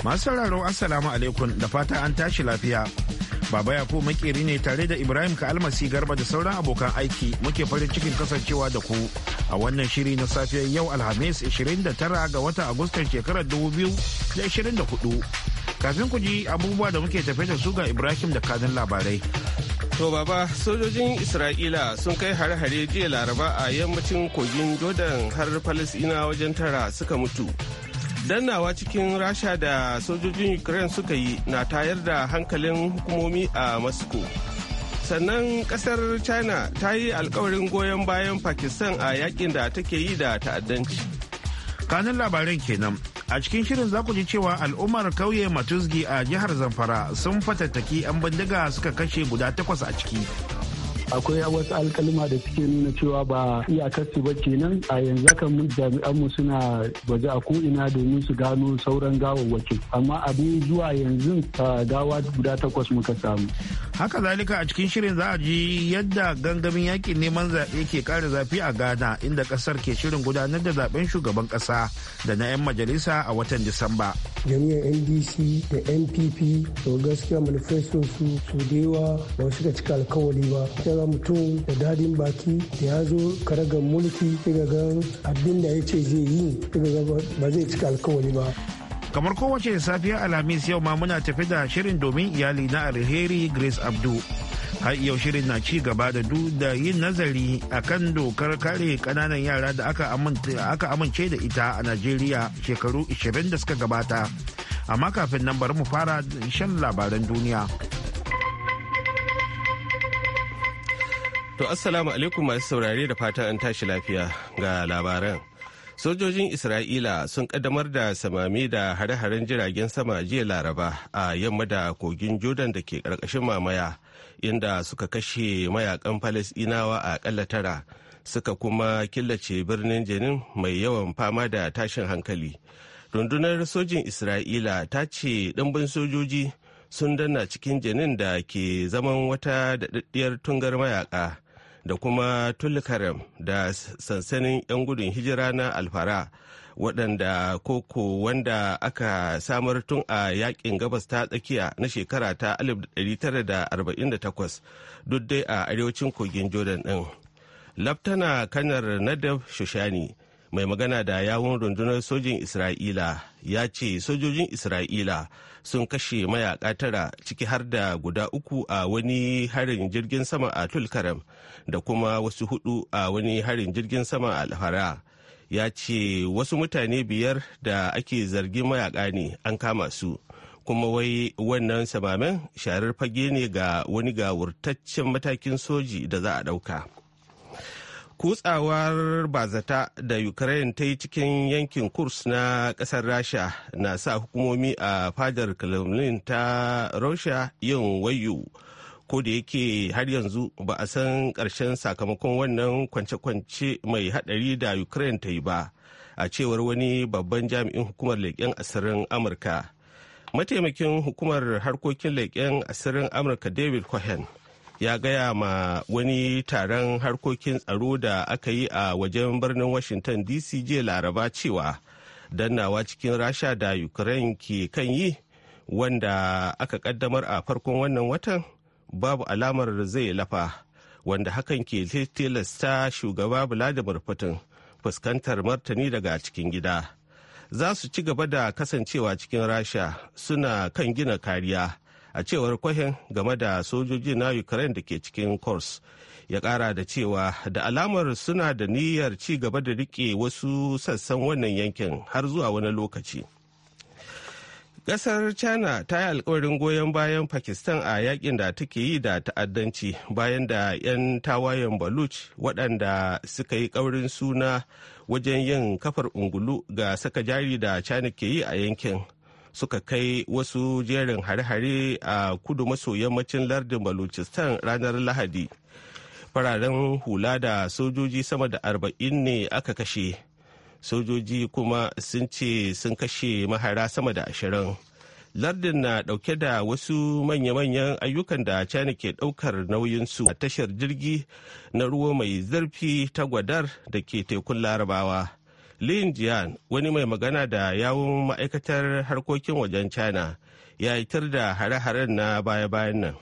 Masu sauraro Assalamu alaikum da fata an tashi lafiya. Baba Yakubu makeri ne tare da Ibrahim ka Almasi Garba da sauran abokan aiki muke farin cikin kasancewa da ku a wannan shiri na safiyar yau Alhamis 29 ga wata Agustan shekarar 2024. kafin ku ji abubuwa da muke tafe da su ga Ibrahim da kazan labarai. To baba sojojin Isra'ila sun kai hare-hare jiya laraba a yammacin kogin Jordan har Falasina wajen tara suka mutu dannawa cikin rasha da sojojin ukraine suka yi na tayar da hankalin hukumomi a moscow sannan kasar china ta yi alkawarin goyon bayan pakistan a yakin da take yi da ta'addanci kanin labaran kenan a cikin shirin za ku ji cewa al'ummar kauye matuzgi a jihar zamfara sun fatattaki 'yan bindiga suka kashe guda takwas a ciki akwai wasu alkalima da suke nuna cewa ba iyakar su ba kenan a yanzu haka mun jami'an mu suna waje a ko ina domin su gano sauran gawawwakin amma abin zuwa yanzu gawa guda takwas muka samu haka zalika a cikin shirin za a ji yadda gangamin yakin neman zaɓe ke ƙara zafi a ghana inda ƙasar ke shirin gudanar da zaɓen shugaban ƙasa da na 'yan majalisa a watan disamba jami'an ndc da npp to gaskiya manifesto su su da ba su cika alkawari ba ga mutum da dadin baki da ya zo karagar mulki daga ga abin da ya ce zai yi daga ga ba zai cika alkawari ba kamar kowace safiya alhamis yau ma muna tafi da shirin domin iyali na alheri grace abdu har yau shirin na ci gaba da du da yin nazari a kan dokar kare kananan yara da aka amince da ita a najeriya shekaru 20 da suka gabata amma kafin nan bari mu fara shan labaran duniya To assalamu alaikum masu saurare da fatan an tashi lafiya ga labaran. Sojojin Isra'ila sun kaddamar da samami da hare-haren jiragen sama jiya Laraba a yamma da kogin Jordan da ke ƙarƙashin mamaya inda suka kashe mayakan Falasɗinawa a ƙalla tara suka kuma killace birnin Jenin mai yawan fama da tashin hankali. Rundunar sojin Isra'ila ta ce ɗimbin sojoji sun danna cikin Jenin da ke zaman wata daɗaɗɗiyar tungar mayaka. da kuma tulkaram da sansanin 'yan gudun hijira na alfara waɗanda koko wanda aka samar tun a yakin gabas ta tsakiya na shekara ta 1948 duk dai a arewacin kogin jordan ɗin laftana kanar nadab shoshani mai magana da yawun rundunar sojin isra'ila ya ce sojojin isra'ila sun kashe mayaka tara ciki har da guda uku a wani harin jirgin sama a tulkaram da kuma wasu hudu a wani harin jirgin sama a Alhara. ya ce wasu mutane biyar da ake zargin mayaka ne an kama su kuma wai wannan samamen sharar fage ne ga wani gawurtaccen matakin soji da za a ɗauka. kutsawar bazata da ukraine ta yi cikin yankin kurs na kasar rasha na sa hukumomi a fadar kremlin ta rasha yin wayo ko da yake har yanzu ba a san karshen sakamakon wannan kwance-kwance mai haɗari da ukraine ta yi ba a cewar wani babban jami'in hukumar leƙen asirin amurka mataimakin hukumar harkokin leƙen asirin amurka david cohen ya gaya ma wani taron harkokin tsaro da aka yi a wajen birnin washington dc jiya laraba cewa dannawa cikin rasha da ukraine ke kan yi wanda aka kaddamar a farkon wannan watan babu alamar zai lafa wanda hakan ke tilasta shugaba vladimir putin fuskantar martani daga cikin gida za su ci gaba da kasancewa cikin rasha suna kan gina kariya a cewar kwahen game da sojoji na ukraine da ke cikin kors ya kara da cewa da alamar suna da niyyar ci gaba da rike wasu sassan wannan yankin har zuwa wani lokaci kasar China ta yi alkawarin goyon bayan Pakistan a yakin da take yi da ta'addanci bayan da 'yan tawayen Baluch waɗanda suka yi ƙaurin suna wajen yin kafar ungulu ga saka jari da China ke yi a yankin suka kai wasu jerin hare-hare a kudu maso yammacin lardin baluchistan ranar lahadi fararen hula da sojoji sama da arba'in ne aka kashe sojoji kuma sun ce sun kashe mahara sama da ashirin lardin na dauke da wasu manya-manyan ayyukan da china ke daukar nauyinsu a tashar jirgi na ruwa mai zarfi ta gwadar da ke tekun larabawa lin jian wani mai magana da yawun ma'aikatar harkokin wajen china ya yitar da hare-haren na baya-bayan nan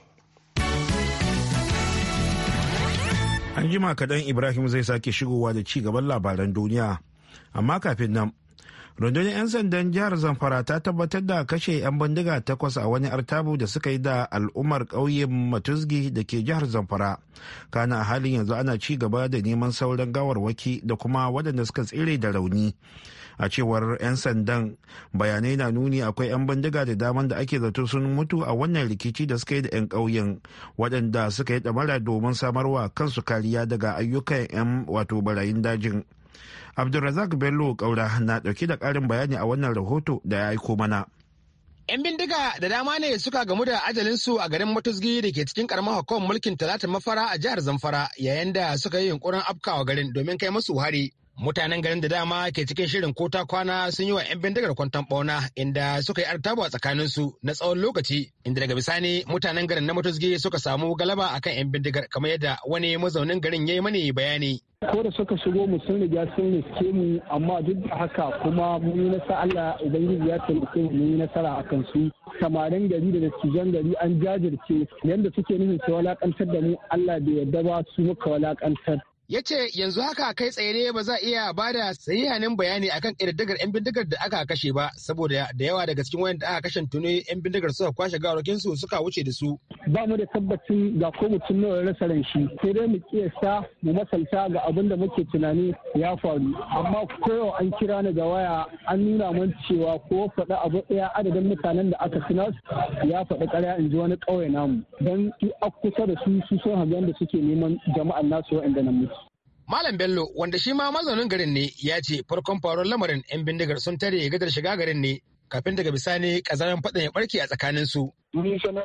an jima kaɗan ibrahim zai sake shigowa da ci gaban labaran duniya amma kafin nan rundunar 'yan sandan jihar zamfara ta tabbatar da kashe 'yan bindiga takwas a wani artabu da suka yi da al'ummar ƙauyen matuzgi da ke jihar zamfara kana a halin yanzu ana ci gaba da neman sauran gawarwaki da kuma waɗanda suka tsire da rauni a cewar 'yan sandan bayanai na nuni akwai 'yan bindiga da daman da ake zato sun mutu a wannan rikici da suka yi da 'yan ƙauyen waɗanda suka yi ɗamara domin samarwa kansu kariya daga ayyukan 'yan wato barayin dajin abdulrazak bello kaura na ɗauke da karin bayani a wannan rahoto da ya aiko mana 'Yan bindiga da dama ne suka gamu da ajalinsu a garin matuzgi da ke cikin ƙaramar hukumar mulkin Talatin Mafara a jihar Zamfara yayin da suka yi yunkurin afkawa garin domin kai masu hari. mutanen garin da dama ke cikin shirin ko ta kwana sun yi wa 'yan bindigar kwantan bauna inda suka yi artabu a tsakaninsu na tsawon lokaci inda daga bisani mutanen garin na matuzgi suka samu galaba akan 'yan bindigar kamar yadda wani mazaunin garin ya yi mani bayani ko da suka shigo mu sun riga sun riske mu amma duk da haka kuma mun yi nasa Allah ubangiji ya taimake mu mun yi nasara akan su samarin gari da dattijan gari an jajirce yadda suke nufin su walakantar da mu Allah bai yarda ba su muka walakantar ya ce yanzu haka kai tsaye ne ba za a iya ba da sahihanin bayani akan ƙididdigar 'yan bindigar da aka kashe ba saboda da yawa daga cikin da aka kashe tuni 'yan bindigar suka kwashe gawarokin su suka wuce da su. ba mu da tabbacin ga ko mutum nawa rasa ran shi sai dai mu kiyasta mu masalta ga abin da muke tunani ya faru amma yau an kira ni ga waya an nuna mun cewa ko faɗa abu ɗaya adadin mutanen da aka tuna ya faɗi ƙarya in ji wani ƙauye namu don a kusa da su su sun da suke neman jama'an nasu wa'anda na mutu. Malam Bello wanda shi ma mazaunin garin ne ya ce farkon faruwar lamarin 'yan bindigar sun tare gadar shiga garin ne kafin daga bisani kazaran faɗin ya barke a tsakanin su. Mun sana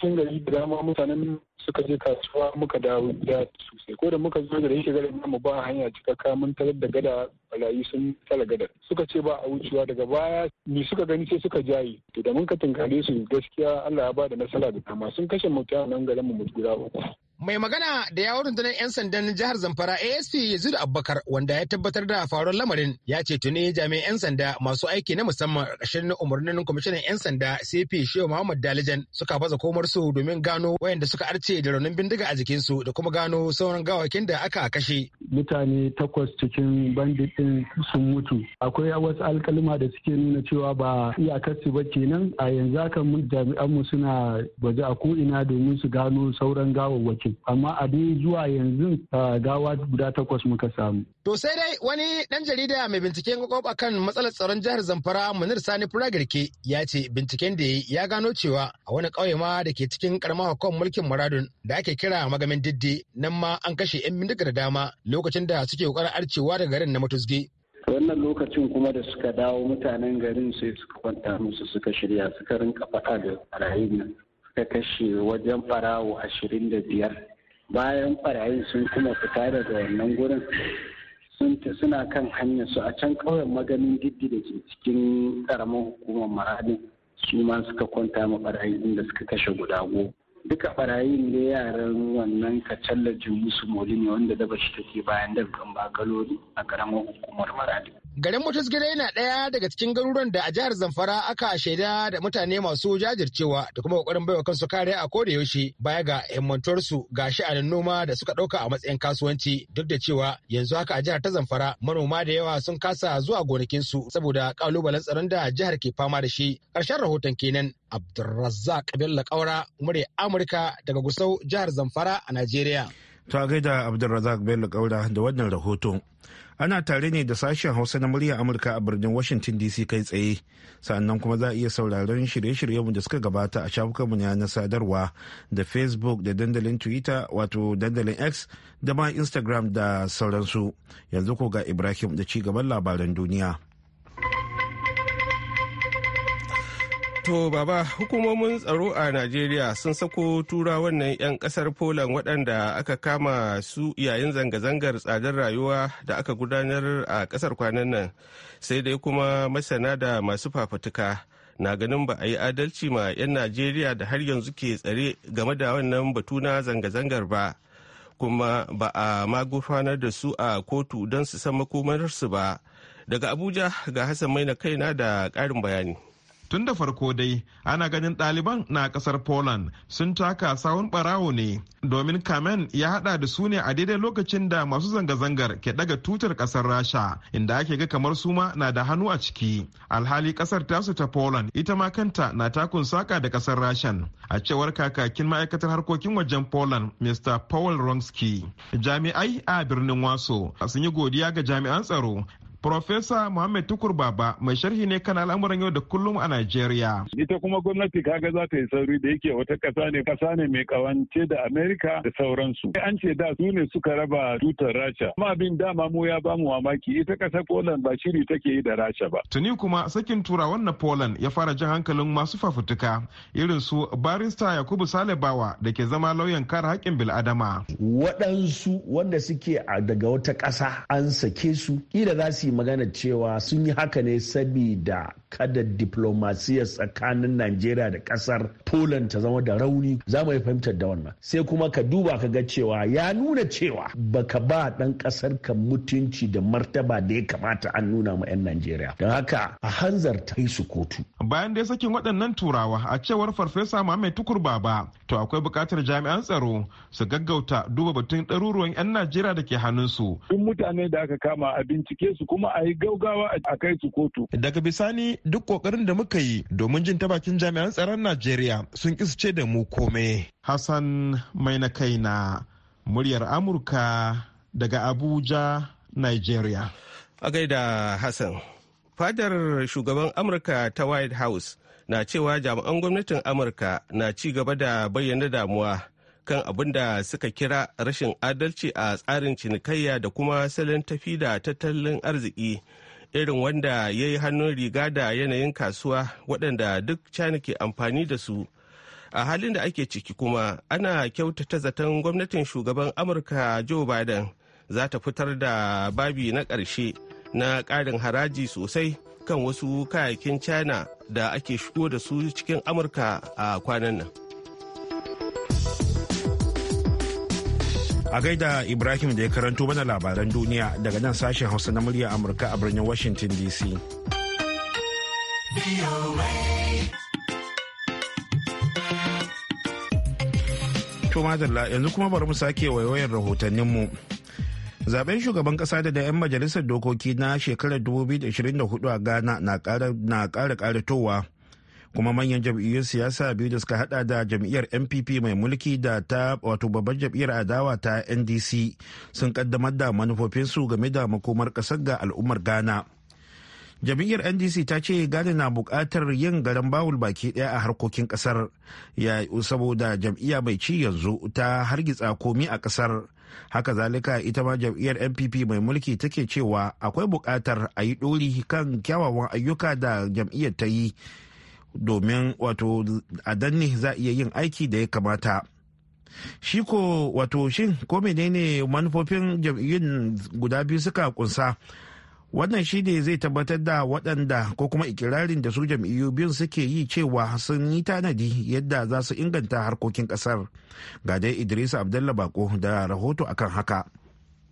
sun gari da dama mutanen suka je kasuwa muka dawo gida sosai ko da muka zo da yake garin namu ba hanya cikakka mun tarar da gada balayi sun tala gadar suka ce ba a wucewa daga baya ni suka gani sai suka jaye to da mun ka tunkare su gaskiya Allah ya ba da nasara da kama sun kashe mutanen garin mu guda uku Mai magana da yawon rundunar 'yan sandan jihar Zamfara ASP Yazid Abubakar wanda ya tabbatar da faruwar lamarin ya ce tuni jami'an 'yan sanda masu aiki na musamman ƙarshen umarnin kwamishinan 'yan sanda CP Shehu Muhammad Dalijan suka baza komar su domin gano wayanda suka arce da raunin bindiga a jikinsu da kuma gano sauran gawakin da aka kashe. Mutane takwas cikin bandit ɗin sun mutu. Akwai wasu alkalima da suke nuna cewa ba iyakarsu ba kenan a yanzu haka mun jami'anmu suna waje a ko'ina domin su gano sauran gawawwaki. lokacin amma a dai zuwa yanzu gawa guda takwas muka samu. To sai dai wani ɗan jarida mai binciken kwakwab akan matsalar tsaron jihar Zamfara Munir Sani Furagirke ya ce binciken da ya gano cewa a wani ƙauye ma da ke cikin ƙaramar hukumar mulkin Muradun da ake kira magamin diddi nan ma an kashe 'yan bindiga da dama lokacin da suke ƙoƙarin arcewa daga garin na Matusge. wannan lokacin kuma da suka dawo mutanen garin sai suka kwanta musu suka shirya suka rinka faɗa da rayuwa ta kashe wajen farawo ashirin da biyar bayan farayin sun kuma fita daga wannan gurin suna kan hanyar su a can ƙauyen maganin diddi da ke cikin karamin hukumar maradin su ma suka kwanta ma farayin inda suka kashe guda goma duka ɓarayin ne yaran wannan kacalla jumusu molini ne wanda daba shi take bayan dabban bakalori a karamin hukumar maradin Garin gida yana ɗaya daga cikin garuruwan da a jihar Zamfara aka shaida da mutane masu jajircewa da kuma ƙoƙarin baiwa kansu kariya a koda yaushe baya ga himmantuwarsu ga sha'anin noma da suka ɗauka a matsayin kasuwanci duk da cewa yanzu haka a jihar ta Zamfara manoma da yawa sun kasa zuwa gonakinsu saboda ƙalubalen tsaron da jihar ke fama da shi. Ƙarshen rahoton kenan Abdulrazzaq Bello Kaura murya Amurka daga Gusau jihar Zamfara a Najeriya. Ta gaida Abdulrazzaq Bello Kaura da wannan rahoton. ana tare ne da sashen hausa na murya amurka a birnin washington dc kai tsaye sannan kuma za a iya sauraron shirye-shiryenmu da suka gabata a shafukanmu na sadarwa da facebook da dandalin twitter wato dandalin x da ma instagram da sauransu yanzu ko ga ibrahim da ci gaban labaran duniya. To baba hukumomin tsaro a Najeriya sun sako tura wannan 'yan kasar Poland waɗanda aka kama su yayin zanga-zangar tsadar rayuwa da aka gudanar a kasar kwanan nan sai dai kuma masana da masu fafatuka na ganin ba a yi adalci ma 'yan Najeriya da har yanzu ke tsare game da wannan batu na zanga-zangar ba kuma ba a magufanar da su a kotu don su san makomarsu ba daga Abuja ga Hassan Maina kaina da ƙarin bayani. tun da farko dai ana ganin ɗaliban na ƙasar poland sun taka sawun ɓarawo ne domin kamen ya hada da su ne a daidai lokacin da masu zanga-zangar ke daga tutar ƙasar rasha inda ake ga kamar suma na da hannu a ciki alhali ƙasar tasu ta poland ita ma kanta na takun saka da ƙasar rashan a cewar kakakin ma'aikatar harkokin wajen poland mr paul ronski jami'ai a birnin waso sun yi godiya ga jami'an tsaro Profesa Muhammad Tukur Baba mai sharhi ne kan al'amuran yau da kullum a Najeriya. Ita kuma gwamnati kaga za ta yi sauri da yake wata kasa ne kasa ne mai kawance da Amerika da sauransu. An ce da su ne suka raba tutar Rasha. Amma abin dama mu ya bamu mamaki ita kasa Poland ba shiri take yi da Rasha ba. Tuni kuma sakin turawan na Poland ya fara jan hankalin masu fafutuka irin su barista Yakubu Salebawa da ke zama lauyan kare haƙƙin bil'adama. Waɗansu wanda suke daga wata ƙasa an sake su kila za su magana cewa sun yi haka ne sabida kada diplomasiya tsakanin Najeriya da kasar Poland ta zama da rauni za mu fahimtar da wannan sai kuma ka duba ka ga cewa ya nuna cewa baka ba dan kasar ka mutunci da martaba da ya kamata an nuna ma 'yan Najeriya don haka a hanzarta yi su kotu bayan dai sakin waɗannan turawa a cewar farfesa Muhammad Tukur Baba to akwai bukatar jami'an tsaro su gaggauta duba batun ɗaruruwan 'yan Najeriya da ke hannunsu duk mutane da aka kama a bincike su kuma kuma a yi gaugawa a kai su kotu. Daga bisani duk kokarin da muka yi domin jin ta bakin jami'an tsaron Najeriya sun ce da mu kome. Hassan mai na kai na muryar Amurka daga Abuja, Nigeria. A gaida Hassan, fadar shugaban Amurka ta White House na cewa jami'an gwamnatin Amurka na ci gaba da bayyana damuwa. kan abin da suka kira rashin adalci a tsarin cinikayya da kuma salon tafi da tattalin arziki irin wanda ya yi hannun riga da yanayin kasuwa waɗanda duk china ke amfani da su a halin da ake ciki kuma ana kyautata zaton gwamnatin shugaban amurka joe biden za ta fitar da babi na ƙarshe na ƙarin haraji sosai kan wasu kayayyakin china da ake shigo da su cikin amurka a kwanan nan A gaida Ibrahim da ya karanto mana labaran duniya daga nan sashen Hausa na murya Amurka a birnin Washington DC. To madalla yanzu kuma bari mu sake waiwayar rahotanninmu. Zaben shugaban kasa da 'yan majalisar dokoki na shekarar 2024 a Ghana na kara karatowa kuma manyan jam'iyyun siyasa biyu da suka hada da jam'iyyar npp mai mulki da ta wato babbar jam'iyyar adawa ta ndc sun kaddamar da manufofinsu game da makomar kasar ga al'ummar ghana jam'iyyar ndc ta ce ghana na buƙatar yin garan bawul baki ɗaya a harkokin ƙasar ya saboda jam'iyya mai ci yanzu ta hargitsa komi a ƙasar haka zalika ita ma jam'iyyar npp mai mulki take cewa akwai buƙatar a yi ɗori kan kyawawan ayyuka da jam'iyyar ta yi domin wato a danne za iya yin aiki da ya kamata shi ko wato shin ko menene manufofin jam'iyyun guda biyu suka kunsa wannan shi ne zai tabbatar da waɗanda ko kuma ikirarin da su jam'iyyu biyun suke yi cewa sun yi tanadi yadda za su inganta harkokin ƙasar ga dai idris abdullah bako da rahoto akan haka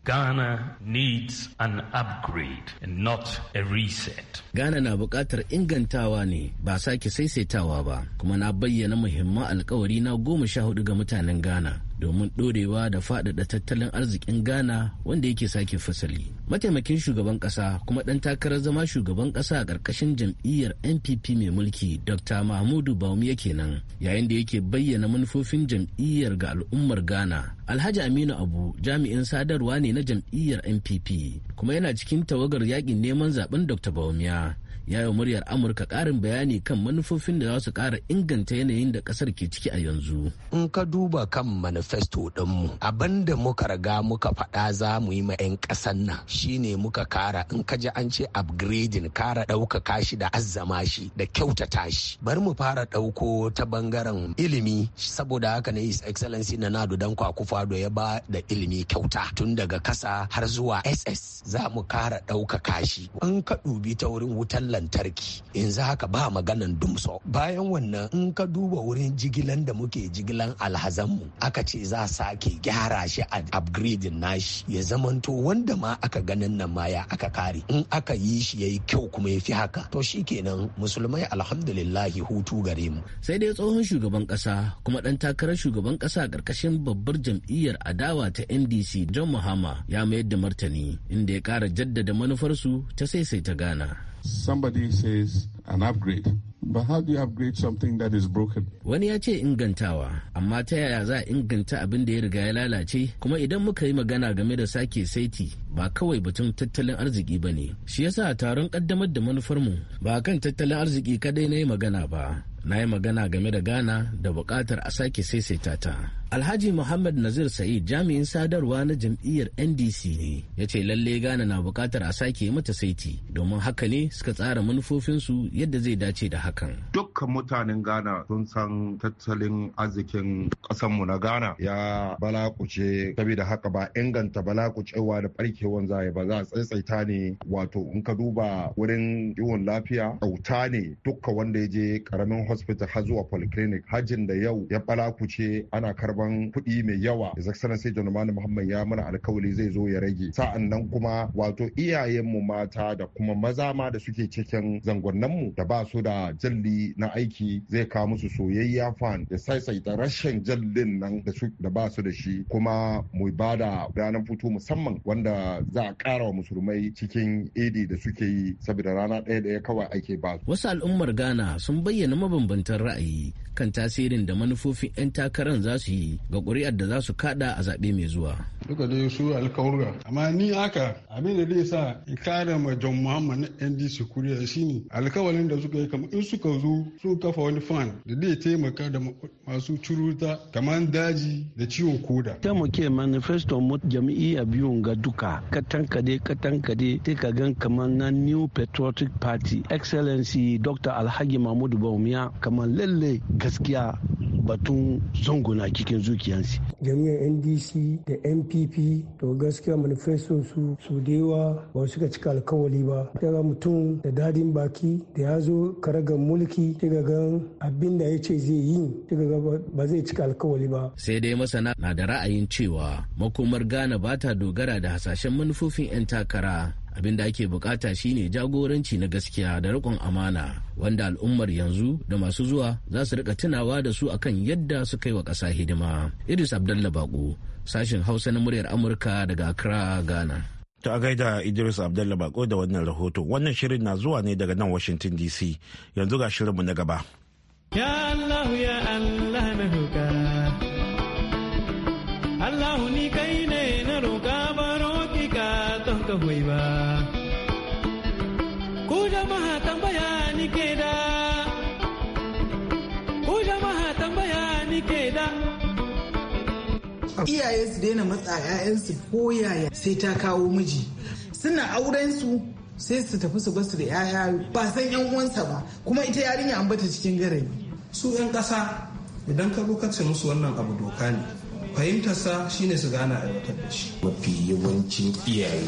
Ghana needs an upgrade and not a reset. Ghana na buƙatar ingantawa ne ba sake saisaitawa ba kuma na bayyana muhimman alkawari na goma sha hudu ga mutanen Ghana. domin ɗorewa da faɗaɗa tattalin arzikin ghana wanda yake sake fasali mataimakin shugaban ƙasa kuma ɗan takarar zama shugaban ƙasa a ƙarƙashin jam'iyyar npp mai mulki dr mahmudu baumiya kenan yayin da yake bayyana manufofin jam'iyyar ga al'ummar ghana alhaji aminu abu jami'in sadarwa ne na jam'iyyar npp kuma yana cikin tawagar yakin neman zaɓen dr baumiya ya yi muryar amurka karin bayani kan manufofin da za su ƙara inganta yanayin da ƙasar ke ciki a yanzu in ka duba kan manifesto ɗinmu abin da muka riga muka faɗa za mu yi ma 'yan ƙasar nan shine muka kara in ka ji an ce upgrading kara ɗaukaka shi da azzama shi da kyautata shi bari mu fara ɗauko ta bangaren ilimi saboda haka ne his excellency na nadu dan kwakufado ya ba da ilimi kyauta tun daga kasa har zuwa ss za mu kara ɗaukaka shi in ka dubi ta wurin wutar lantarki in za haka ba maganan dumso bayan wannan in ka duba wurin jigilan da muke jigilan alhazanmu aka ce za sake gyara shi a upgrading nashi ya zamanto wanda ma aka ganin nan ma ya aka kare in aka yi shi ya yi kyau kuma ya fi haka to kenan musulmai alhamdulillahi hutu gare mu sai dai tsohon shugaban kasa kuma dan takarar shugaban kasa karkashin babbar jam'iyyar adawa ta NDC John Mahama ya mayar da martani inda ya kara jaddada manufarsu ta sai sai ta gana Somebody says an upgrade. But how do you upgrade something that is broken? Wani ya ce ingantawa, amma ta yaya za a inganta abin da ya riga ya lalace? Kuma idan muka yi magana game da sake saiti ba kawai batun tattalin arziki ba ne. Shi yasa taron kaddamar da manufarmu ba kan tattalin arziki kadai na yi magana ba. Na yi magana game da Ghana da bukatar a sake saisaita ta. Alhaji Muhammad Nazir Sa'id jami'in sadarwa na jam'iyyar NDC ne ya ce lalle Ghana na bukatar a sake mata saiti domin haka ne suka tsara manufofinsu yadda zai dace da hakan. Dukkan mutanen Ghana sun san tattalin arzikin ƙasanmu na Ghana ya balakuce saboda haka ba inganta balakucewa da barkewan zai ba za a tsaitsaita ne wato in ka duba wurin kiwon lafiya auta ne dukka wanda ya je ƙaramin hospital har zuwa polyclinic hajin da yau ya balakuce ana karba sabon kuɗi mai yawa his excellency john mani muhammad ya mana alkawali zai zo ya rage sa'an nan kuma wato iyayenmu mata da kuma maza ma da suke cikin zangonninmu da ba su da jalli na aiki zai kawo musu soyayya fan da da rashin jallin nan da ba su da shi kuma mu ba da ranar fito musamman wanda za a ƙara wa musulmai cikin idi da suke yi saboda rana ɗaya ɗaya kawai ake ba wasu al'ummar ghana sun bayyana mabambantan ra'ayi kan tasirin da manufofin 'yan takarar za su yi ga ƙuri'ar da za su kada a zaɓe mai zuwa. Duka dai su alkawurga. Amma ni haka abin da zai sa in kare ma John Muhammad na NDC kuriya shine alkawarin da suka yi kamar in suka zo su kafa wani fan da zai taimaka da masu curuta kamar daji da ciwon koda. Ta muke manifesto mu jam'iyyar biyun ga duka katankade katankade sai ka gan kamar na New Patriotic Party Excellency Dr. Alhaji Mahmud Bawumia kamar lalle gaskiya batun na cikin zuciyarsu. Jami'ar NDC da NPP to gaskiya manifesto su su dewa ba suka cika alkawali ba. Daga mutum da dadin baki da ya zo karagar mulki daga gan abin da ya ce zai yi daga ba zai cika alkawali ba. Sai dai masana na da ra'ayin cewa makomar Ghana ba ta dogara da hasashen manufofin 'yan takara abin da ake bukata shine jagoranci na gaskiya da rikon amana wanda al'ummar yanzu da masu zuwa za su rika tunawa da su akan yadda suka yi wa ƙasa hidima idris abdalla bako sashen hausa na muryar amurka daga accra ghana ta gaida idris abdalla bako da wannan rahoto wannan shirin na zuwa ne daga nan washington dc yanzu ga shirinmu na gaba ya ni kai iyaye su daina matsa 'ya'yansu ko yaya sai ta kawo miji suna auren su sai su tafi su basu da 'ya'ya ba san 'yan uwansa ba kuma ita yarinya an bata cikin garin. su 'yan ƙasa idan ka ka ce musu wannan abu doka ne fahimtarsa shine su gana aiwatar da shi mafi yawancin iyaye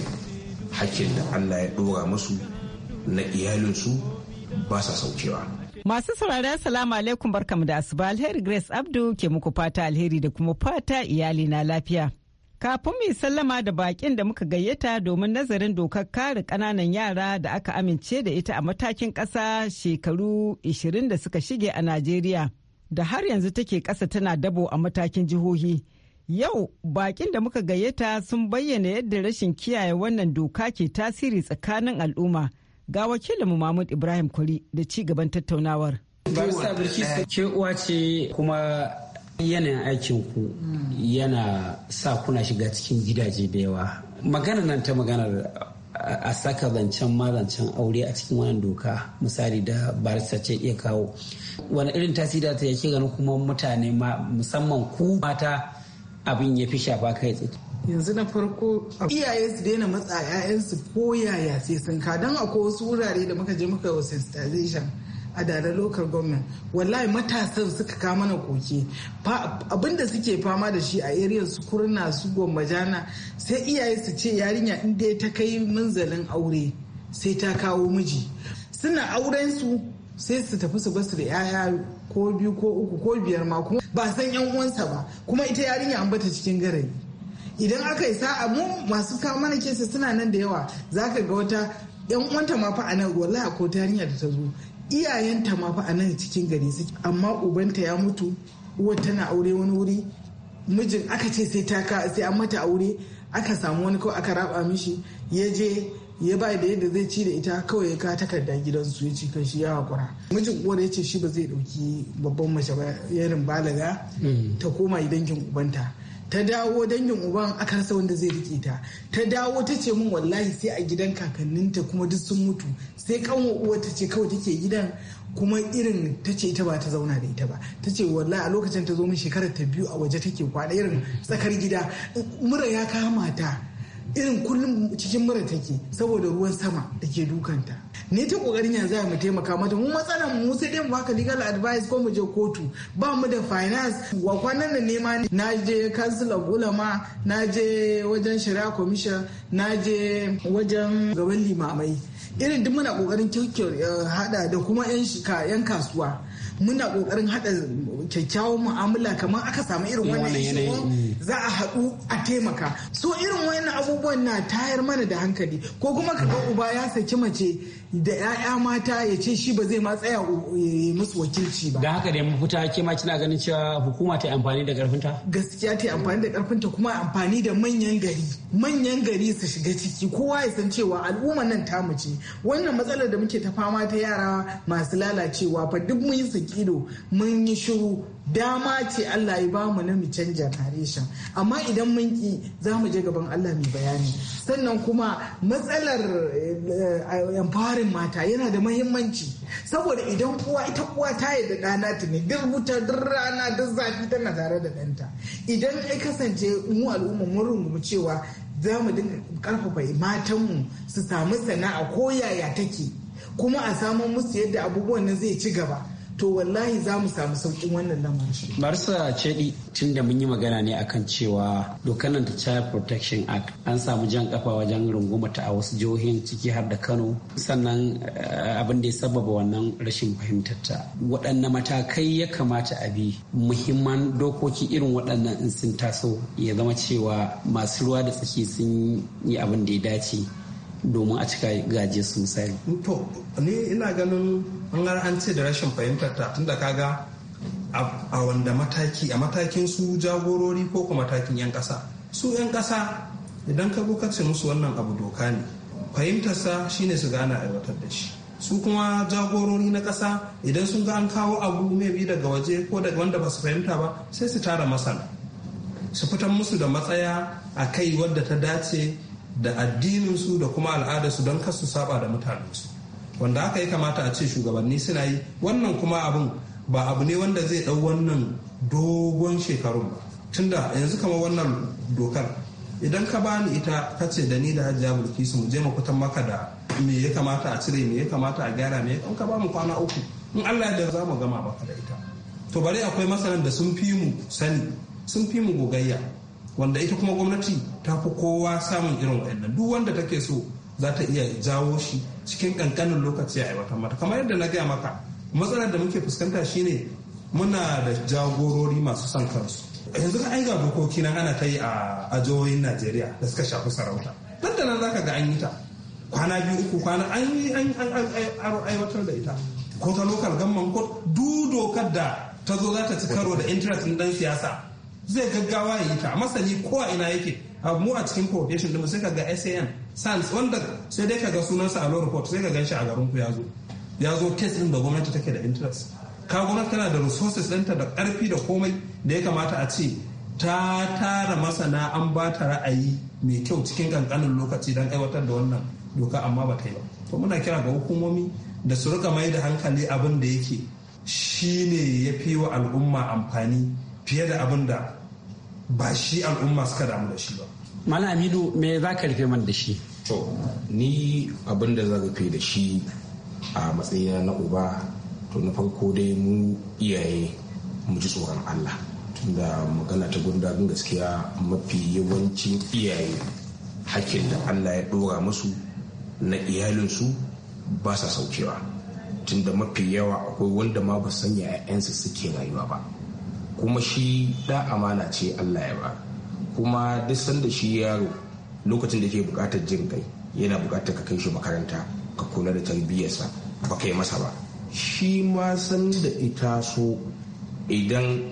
hakkin da allah ya ɗora musu na iyalinsu ba sa saukewa Masu saurari assalamu alaikum barkamu da asuba alheri Grace Abdu ke muku fata alheri da kuma fata iyali na lafiya. Kafin mu sallama da bakin da muka gayyata domin nazarin dokar kare kananan yara da aka amince da ita a matakin ƙasa shekaru 20 da suka shige a Najeriya da har yanzu take ƙasa tana dabo a matakin jihohi. Yau bakin da muka gayyata sun bayyana yadda rashin kiyaye wannan doka ke tasiri tsakanin al'umma. Ga wakilinmu Mahmud Ibrahim Kwari da ci gaban tattaunawar. Eh, ke uwa ce kuma yanayin aikin ku yana sa kuna shiga cikin gidaje da yawa. Magana nan ta maganar a saka zancen mazancen aure a cikin wannan doka misali da barista ce iya kawo wani irin tasiri ta yake ganin kuma mutane musamman ku mata abin ya fi shafa kai yanzu na farko iyaye su daina matsa 'ya'yansu ko yaya sai sun ka don akwai wasu wurare da muka je muka yi sensitization a dare lokar gwamnan wallahi matasan suka ka mana koke abinda suke fama da shi a area su kurna su gombajana sai iyaye su ce yarinya in dai ta kai munzalin aure sai ta kawo miji suna auren su sai su tafi su basu da 'ya'ya ko biyu ko uku ko biyar ma kuma ba san yan uwansa ba kuma ita yarinya an bata cikin garari idan aka yi sa'a mu masu kawo mana kesa suna nan da yawa za ka ga wata yan uwanta ma fa a nan wallahi ko tarinya da ta zo iyayenta ma fa a nan cikin gari suke amma ubanta ya mutu uwar tana aure wani wuri mijin aka ce sai ta ka sai an mata aure aka samu wani kawai aka raba mishi ya je ya ba da yadda zai ci da ita kawai ya ka takarda gidansu ya ci kan shi ya hakura mijin uwar ya ce shi ba zai dauki babban mace ba yarin balaga mm. ta koma dangin ubanta ta dawo dangin uban aka rasa wanda zai riƙe ta ta dawo ta ce min wallahi sai a gidan kakanninta kuma duk sun mutu sai kanwa uwa ta ce kawai take gidan kuma irin ta ce ita ba ta zauna da ita ba ta ce wallahi a lokacin ta zo min shekarar ta biyu a waje take kwana irin tsakar gida mura ya kama ta irin kullum cikin mara take saboda ruwan sama da ke dukanta ne ta kokarin ya za mu taimaka mata mu matsalan mu sai dai mu baka legal advice ko mu je kotu ba mu da finance wa kwanan nan ne ma na je council of ulama na je wajen shari'a commission na je wajen gaban limamai irin duk muna kokarin eh, hada da kuma yan kasuwa muna kokarin hada kyakkyawan mu'amala kamar aka samu irin wannan za a haɗu a taimaka so irin wani abubuwan na tayar mana da hankali ko kuma ka ga uba ya saki mace da 'ya'ya mata ya ce shi ba zai ma tsaya musu wakilci ba. Da haka da mafita ke ma kina ganin cewa hukuma ta amfani da karfinta? Gaskiya ta amfani da karfinta kuma amfani da manyan gari. Manyan gari su shiga ciki kowa ya san cewa al'umma nan ta mace Wannan matsalar da muke ta fama ta yara masu lalacewa fa duk mun yi sakido mun yi shiru dama ce Allah ya bamu na mu canja harshen amma idan mun ki za mu je gaban Allah mai bayani sannan kuma matsalar eh, empowering mata yana da mahimmanci saboda idan uwa ita uwa ta yi da ɗana ta ne duk wuta duk rana duk zafi tana tare da ɗanta idan ya kasance mu al'umma mun rungumi cewa za mu dinga karfafa matanmu su samu sana'a ko yaya take kuma a samun musu yadda abubuwan nan zai ci gaba to wallahi za mu samu sauƙin wannan lamarin. Barsa Cedi tun da mun yi magana ne akan cewa dokar nan ta Child Protection Act an samu jan kafa wajen runguma ta a wasu jihohin ciki har da Kano sannan eh, abin da ya sababa wannan rashin fahimtar ta. Waɗanne matakai ya kamata a bi muhimman dokoki irin waɗannan in sun taso ya zama cewa masu ruwa da tsaki sun yi abin da ya dace domin a cika gaje su misali. To, ni ina ganin an an ce da rashin fahimtar ta tunda kaga a wanda mataki a matakin su jagorori ko kuma matakin 'yan kasa Su 'yan kasa idan ka ka ce musu wannan abu doka ne fahimtarsa shine su gana aiwatar da shi. su kuma jagorori na kasa idan sun ga an kawo abu bi daga waje ko daga wanda ba su fahimta ba sai su tara masana su fitan musu da matsaya a kai wadda ta dace da addininsu da kuma al'adarsu don kasu saba da mutanensu wanda haka ya kamata a ce shugabanni suna yi wannan kuma abin ba abu ne wanda zai ɗau wannan dogon shekarun ba tunda yanzu kamar wannan dokar idan ka bani ita ka ce da ni da hajjiya bulkisu mu je mu kutan maka da me ya kamata a cire me ya kamata a gyara me in ka bamu kwana uku in Allah ya za mu gama maka da ita to bari akwai masanan da sun fi mu sani sun fi mu gogayya wanda ita kuma gwamnati ta fi kowa samun irin wa'annan duk wanda take so za ta iya jawo shi cikin kankanin lokaci a aiwatar mata kamar yadda na gaya maka matsalar da muke fuskanta shine muna da jagorori masu son kansu yanzu ka aiga dokoki nan ana ta yi a jihohin najeriya da suka shafi sarauta nan da nan zaka ga an yi ta kwana biyu uku kwana an yi an aiwatar da ita ko ta lokal gamman ko du dokar da ta zo za ta ci karo da interest ɗin dan siyasa zai gaggawa ya yi ta masani ko a ina yake mu a cikin profession din sai kaga SAN SANS wanda sai dai kaga sa a law report sai ka ganshi a garin ku ya zo ya zo case din da gwamnati take da interest ka gwamnati tana da resources ɗinta da ƙarfi da komai da ya kamata a ce ta tara masana an ba ta ra'ayi mai kyau cikin kankanin lokaci don aiwatar da wannan doka amma ba ta yi ba to muna kira ga hukumomi da su rika mai da hankali abin da yake shine ya fi wa al'umma amfani fiye da abin da ba shi al'umma suka damu da shi ba malam aminu me za ka rufe man da shi to ni abin da za rufe da shi a matsayin na uba to na farko dai mu iyaye mu ji tsoron allah tunda magana ta gundarin gaskiya mafi yawancin iyaye hakkin da allah ya ɗora musu na iyalinsu ba sa saukewa tunda mafi yawa akwai wanda ma ba sanya 'ya'yansu suke rayuwa ba kuma shi da amana ce Allah ya ba kuma duk sanda shi yaro lokacin da ke bukatar jin kai yana bukatar ka kai shi makaranta ka kula da tarbiyyarsa ba kai masa ba shi ma sanda ita so idan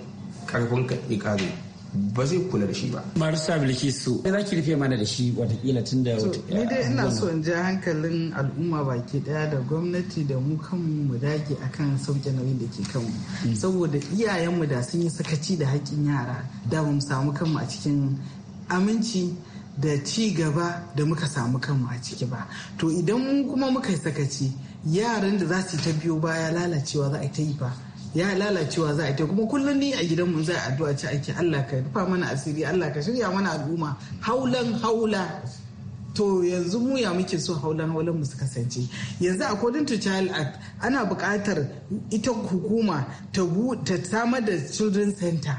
karfin ka ƙare ba zai kula da shi ba. Marisa Bilkisu, me za ki rufe mana da shi watakila tun da wata. Ni dai ina so in ja hankalin al'umma baki ɗaya da gwamnati da mu kanmu mu dage akan sauke nauyin da ke kanmu. Hmm. Saboda iyayenmu da sun yi sakaci da haƙƙin yara da mu samu kanmu a cikin aminci da ci gaba da muka samu kanmu a ciki ba to idan kuma muka yi sakaci yaran da za su yi ta biyo baya lalacewa za a yi ta yi ba ya lalacewa za a ta kuma kullum ni a gidanmu za a addu'a ci ake Allah ka rufa mana asiri Allah ka shirya mana al'umma haulan haula to yanzu mu ya muke so haulan haulan mu su kasance yanzu a to child act ana buƙatar ita hukuma ta samar da children center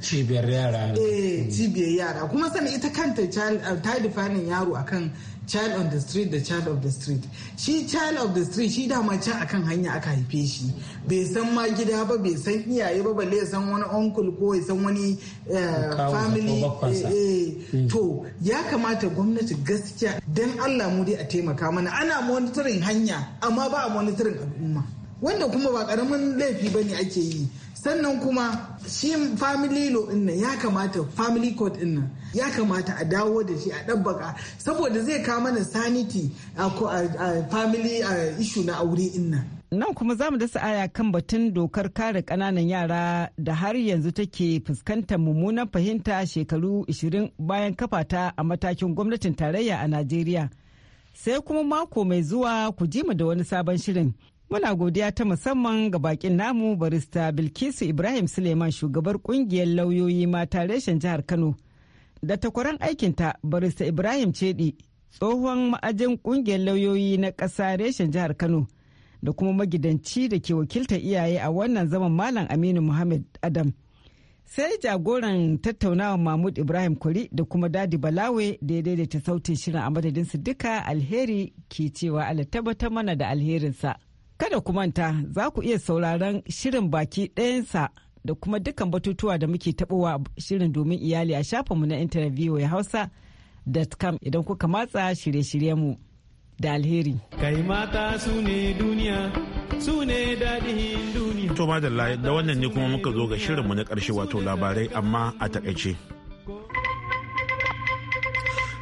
cibiyar yara eh cibiyar yara kuma sannan ita kanta ta difanin yaro akan child on the street da child of the street shi child of the street shi dama can a kan hanya aka haife shi bai san ma gida ba bai san iyaye ba balle ya san wani uncle ko ya san wani eh, family eh, eh. Hmm. to ya kamata gwamnati gaskiya don allah mu dai a taimaka mana ana monitoring hanya amma ba a monitoring al'umma wanda kuma ba karamin laifi ba ne ake yi sannan kuma shi family law din nan ya kamata family court din nan ya kamata a dawo da shi a ɗabbaka saboda zai kawo mana sanity a family issue na aure din nan nan kuma zamu mu dasa aya kan batun dokar kare kananan yara da har yanzu take fuskantar mummunan fahimta shekaru 20 bayan kafata a matakin gwamnatin tarayya a najeriya sai kuma mako mai zuwa ku ji mu da wani sabon shirin Muna godiya ta musamman ga bakin namu barista Bilkisu Ibrahim Suleiman shugabar kungiyar lauyoyi mata reshen jihar Kano. Da takwaran aikinta barista Ibrahim Cedi tsohon ma'ajin kungiyar lauyoyi na ƙasa reshen jihar Kano da kuma magidanci da ke wakilta iyaye a wannan zaman Malam Aminu Muhammad Adam. Sai jagoran tattaunawa Mahmud Ibrahim Kuri da kuma Dadi Balawe da ya daidaita sautin shirin a madadinsu duka alheri ke cewa ala tabbatar mana da alherinsa. Kada ku manta za ku iya sauraron shirin baki ɗayansa da kuma dukkan batutuwa da muke taɓowa shirin domin iyali a shafinmu na intanet VOA Hausa.com idan kuka matsa shirye-shiryenmu da alheri. Kai mata su ne duniya, su ne daɗin duniya. To da wannan ne kuma muka zo ga shirin mu na ƙarshe wato labarai amma a takaice.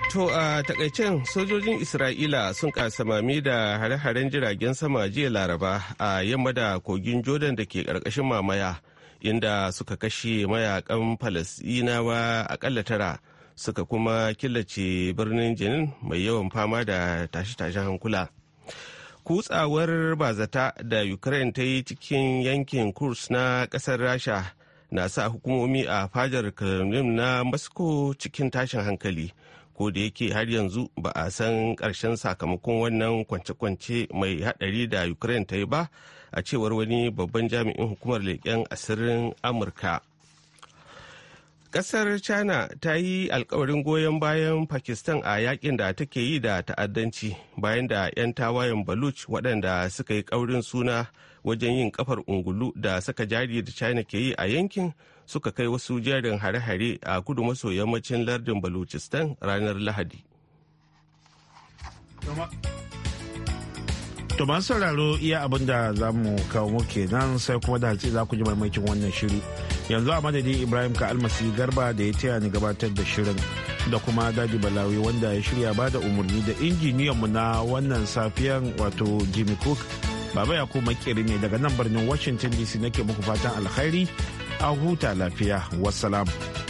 To a takaicen sojojin Isra'ila sun kasamami da hare-haren jiragen sama jiya Laraba a yamma da kogin Jordan da ke ƙarƙashin mamaya inda suka kashe mayakan Falasɗinawa aƙalla tara suka kuma killace birnin Jenin mai yawan fama da tashe-tashen hankula. Kutsawar bazata da Ukraine ta yi cikin yankin Kurs na ƙasar Rasha na sa hukumomi a fajar Kremlin na Moscow cikin tashin hankali. ko da yake har yanzu ba a san ƙarshen sakamakon wannan kwance-kwance mai haɗari da ukraine ta yi ba a cewar wani babban jami'in hukumar leƙen asirin amurka Ƙasar China ta yi alkawarin goyon bayan Pakistan a yakin da take yi da ta'addanci bayan da 'yan tawayen Baluch waɗanda suka yi ƙaurin suna wajen yin kafar ungulu da suka jari da China ke yi a yankin suka kai wasu jerin hare-hare a kudu maso yammacin lardin balochistan ranar lahadi To sauraro iya abin da za mu kawo muke nan sai kuma da hatsi za ku ji maimakin wannan shiri. Yanzu a madadin Ibrahim ka almasi garba da ya taya ni gabatar da shirin da kuma dadi balawi wanda ya shirya ba da umarni da injiniyanmu na wannan safiyan wato Jimmy Cook. Baba ya kuma ne daga nan birnin Washington DC nake muku fatan alkhairi a huta lafiya wasalam.